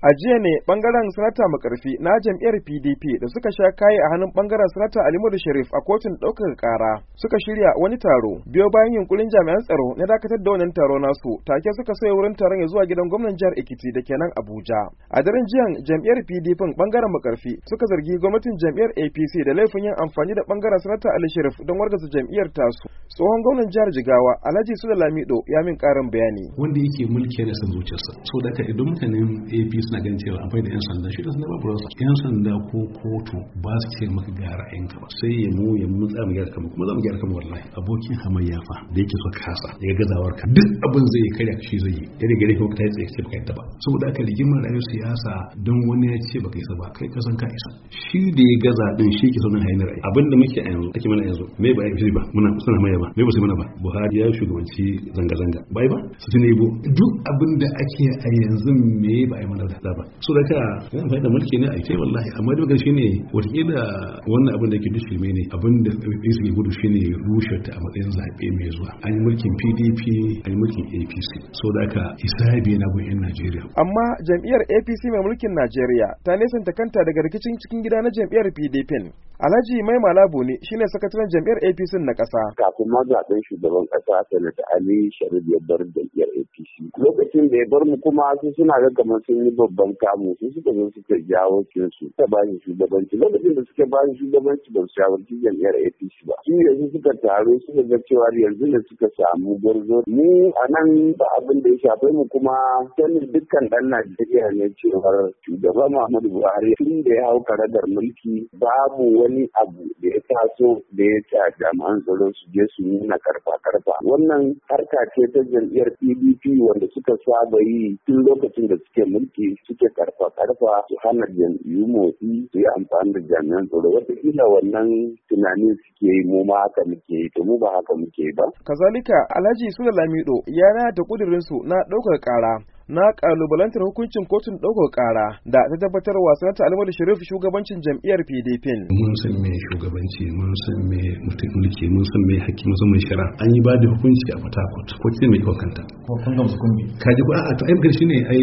a jiya ne bangaren sanata makarfi na jam'iyyar pdp da suka sha kaye a hannun bangaren sanata alimadu sharif a kotun ɗaukar ƙara suka shirya wani taro biyo bayan yunkurin jami'an tsaro na dakatar da wannan taro nasu take suka sai wurin taron ya zuwa gidan gwamnan jihar ekiti da kenan abuja a daren jiya jam'iyyar pdp bangaren makarfi suka zargi gwamnatin jam'iyyar apc da laifin yin amfani da bangaren sanata ali sharif don wargaza jam'iyyar tasu tsohon gwamnan jihar jigawa alhaji sula lamido ya min ƙarin bayani wanda yake mulki na san zuciyarsa so da idan mutanen apc suna ganin cewa amfani da 'yan sanda shi da sanda babu rasa 'yan sanda ko kotu ba su ce maka ga ra'ayinka ba sai ya mu ya mu za mu gyara kama kuma za mu gyara kama wallahi abokin hamayya fa da yake so kasa daga gazawar ka duk abin zai yi karya shi zai yi ya daga gare ka ta yi tsaye baka yadda ba saboda aka rigimar rayuwar siyasa don wani ya ce baka isa ba kai ka san ka isa shi da ya gaza din shi ke sauran hanyar ra'ayi abin da muke a yanzu ake mana yanzu me ba ya ba muna suna hamayya ba me ba sai mana ba Buhari ya shugabanci zanga-zanga bai ba su ne duk abin da ake a yanzu me ba ya mana da kaza ba so da ka amfani da mulki ne a ita wallahi amma duk shi ne wataƙila wannan abin da ke dushi me ne abin da suke gudu shi ne rushe ta a matsayin zaɓe mai zuwa an yi mulkin pdp an yi mulkin apc so da ka hisabi na gudun najeriya amma jam'iyyar apc mai mulkin najeriya ta nesanta kanta daga rikicin cikin gida na jam'iyyar pdp Alhaji Mai Malabo ne shine sakataren jam'iyyar APC na ƙasa. Kafin ma zaɓen shugaban ƙasa Sanata Ali Sharif ya bar jam'iyyar APC. Lokacin da ya bar mu kuma su suna ga kamar sun yi babban kamu su suka zo suka jawo kinsu ta ba shi shugabanci. Lokacin da suka ba shi shugabanci ba su shawarci jam'iyyar APC ba. Shi yanzu suka taro, suka ga cewa yanzu ne suka samu gwarzo. Ni a nan ba abin da ya shafe mu kuma sanin dukkan ɗan Najeriya ne cewa shugaba Muhammadu Buhari tun da ya hau karagar mulki babu wani abu da ya taso da ya sa jami'an tsaro su je su nuna karfa karfa wannan harka ce ta jam'iyyar pdp wanda suka saba yi tun lokacin da suke mulki suke karfa karfa su hana jam'iyyu motsi su yi amfani da jami'an tsaro wataƙila wannan tunanin suke yi mu ma haka muke yi to mu ba haka muke ba kazalika alhaji da lamido yana da kudirin su na ɗaukar ƙara na kalubalantar hukuncin kotun ɗaukar ƙara da ta tabbatar wa sanata Almadu Sharif shugabancin jam'iyyar PDP. Mun san me shugabanci, mun san me mutum mulki, mun san me hakki, mun san me shara. An yi bada hukunci a Fatakot, ko ce mai kanta. Ko kun gamsu kun bi. Ka ji ko a'a to ai magana shine ai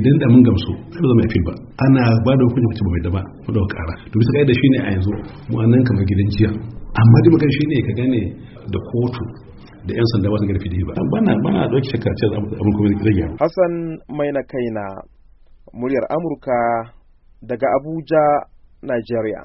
idan da mun gamsu, ai ba zama yafi ba. Ana bada hukunci mutum bai da ba, mu ɗaukar ƙara. To bisa ƙa'ida shine a yanzu mu annan kamar gidan jiya. Amma dai magana shine ka gane da kotu da 'yan sanda ba su garfi da yi ba bana bana ɗauki shakka ce abin kuma rage hassan mai na kaina muryar amurka daga abuja nigeria